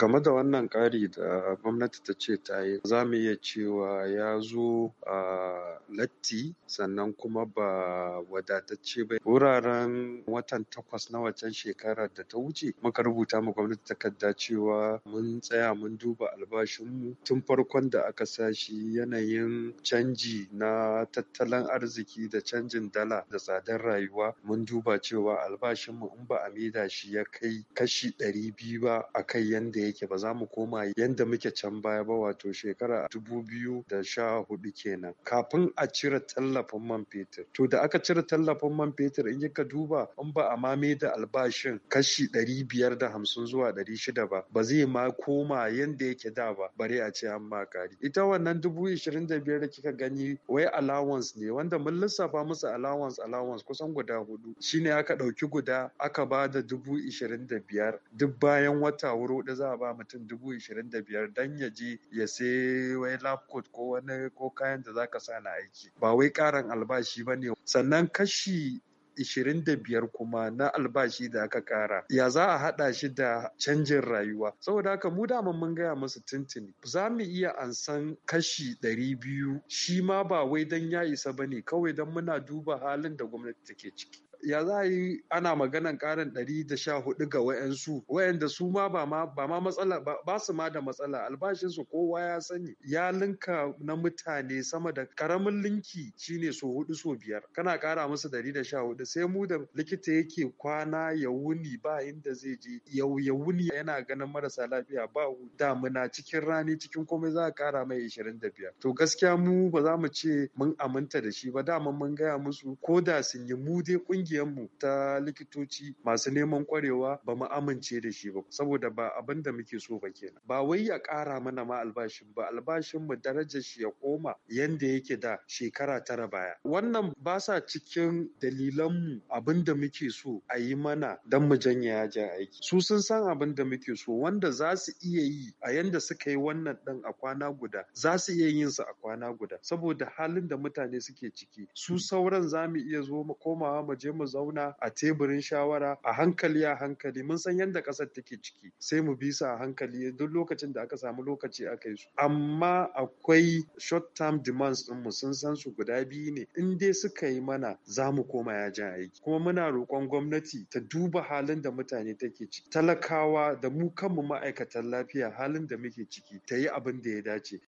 game da wannan ƙari da gwamnati ta ce ta yi za mu iya cewa ya zo a latti sannan kuma ba wadatacce ba wuraren watan takwas na waccan shekarar da ta wuce muka rubuta ma gwamnati takarda cewa mun tsaya mun duba albashinmu tun farkon da aka sa shi, yanayin canji na tattalin arziki da canjin dala da tsadar rayuwa mun duba cewa albashinmu in ba a maida shi ya kai kashi ɗari biyu ba a kai yanda yake ba za mu koma yadda muke can baya ba wato shekara dubu biyu da sha hudu kenan kafin a cire tallafin man fetur to da aka cire tallafin man fetur in kika duba in ba a mame da albashin kashi ɗari biyar da hamsin zuwa ɗari shida ba ba zai ma koma yadda yake da ba bare a ce an ma kari ita wannan dubu ishirin da biyar da kika gani wai allowance ne wanda mun lissafa musu allowance allowance kusan guda hudu shine aka ɗauki guda aka ba da dubu ishirin da biyar duk bayan wata wuro za a ba mutum dubu ishirin da biyar don ya je ya sai wai lab coat ko wani ko kayan da zaka sa na aiki ba wai karin albashi ba ne sannan kashi ishirin da biyar kuma na albashi da aka kara ya za a hada shi da canjin rayuwa saboda haka mu dama mun gaya musu tuntuni za mu iya ansan kashi ɗari biyu. shi ma ba wai don ya isa bane kawai don muna duba halin da gwamnati take ciki ya za a yi ana maganan karin 114 ga wayansu wayanda su ma ba ma matsala ba su ma da matsala albashinsu kowa ya sani ya linka na mutane sama da karamin linki shine so hudu so biyar kana kara musu 114 sai mu da likita yake kwana ya wuni ba inda zai je ya wuni yana ganin marasa lafiya ba damuna cikin rani cikin komai za a kara mai 25 to gaskiya mu ba za mu ce mun aminta da shi ba dama mun gaya musu ko da sun yi mu dai kungiya mu ta likitoci masu neman kwarewa ba mu amince da shi ba saboda ba abin da muke so ba kenan ba wai ya ƙara mana ma albashin ba albashin mu darajar shi ya koma yanda yake da shekara tara baya wannan ba sa cikin dalilan mu abin da muke so a yi mana don mu janye yajin aiki su sun san abin da muke so wanda za su iya yi a yanda suka yi wannan din a kwana guda za su iya yin su a kwana guda saboda halin da mutane suke ciki su sauran za mu iya zo mu komawa mu je mu mu zauna a teburin shawara a hankali a hankali mun san yadda ƙasar take ciki sai mu bi su a hankali duk lokacin da aka samu lokaci aka yi su amma akwai short term demands din mu sun san su guda biyu ne in dai suka yi mana za mu koma yajin aiki kuma muna roƙon gwamnati ta duba halin da mutane take ciki talakawa da mu kanmu ma'aikatan lafiya halin da muke ciki ta yi abin da ya dace